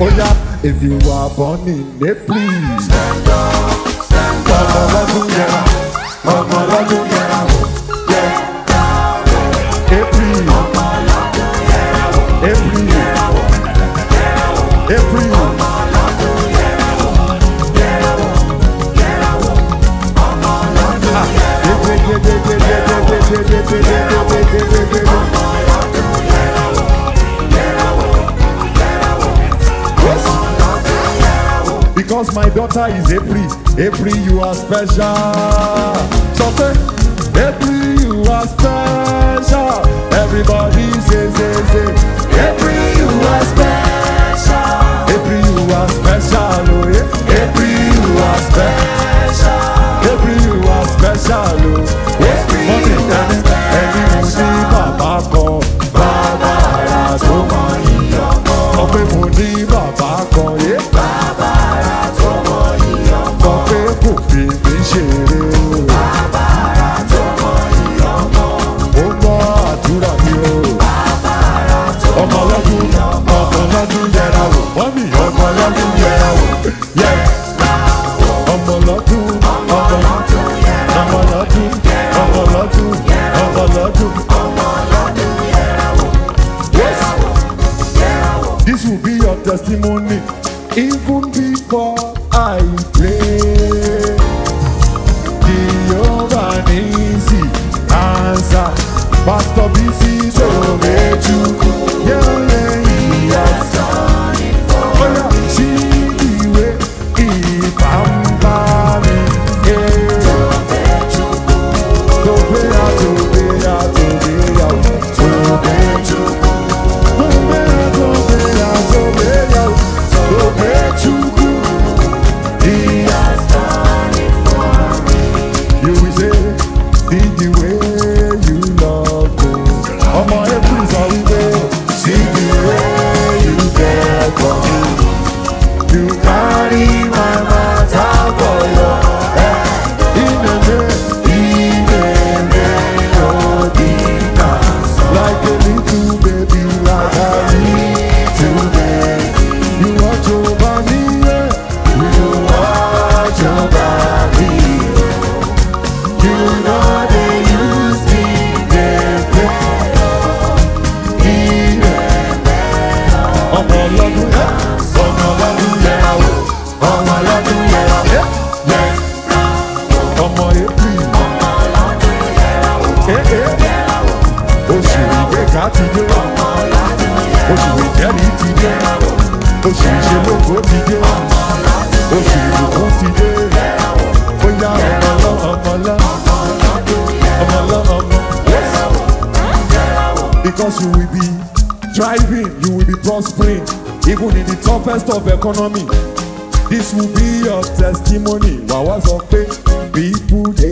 Oh yeah, if you are born in a please Stand up, stand up Ọmọ ọlọ́dún yẹra, ọmọ ọlọ́dún yẹra o Yeah, Every. Ọmọ ọlọ́dún yẹra Every. Every. April my daughter is April. April, you are special. So say, April, you are special. Everybody. testimony even before I pray. Jehovah Nisi answer. Pastor Bisi Tomechukwu. Yeah, yeah, he has done it for me. Oh yeah, see the way he pampered. láti dé oṣù ìjẹ́rì ti dé oṣù ìṣelógo ti dé oṣù ìbùkún ti dé bóyá ọmọlá ọmọlá ọmọlá ọmọ because you will be driving, you will be prospering even in the toughest of economy this will be your testimony wàá wá sọ pé people dey.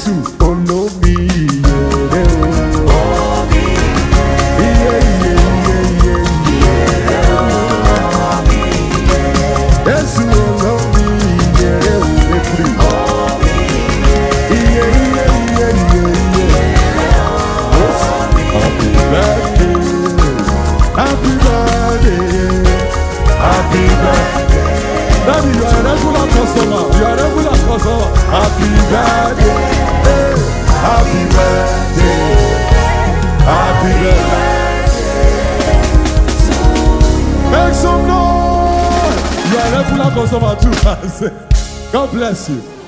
Jésù olómi ìyèrè o. Iye iye iye iye ìyèrè o. Jésù olómi ìyèrè o ekiri. Iye iye iye iye iye. Happy birthday, happy birthday, happy birthday. Baby, you are a regular customer. You are a regular customer. Happy birthday. Hey. Happy birthday. Happy birthday. Make some noise. You are a regular customer too. God bless you.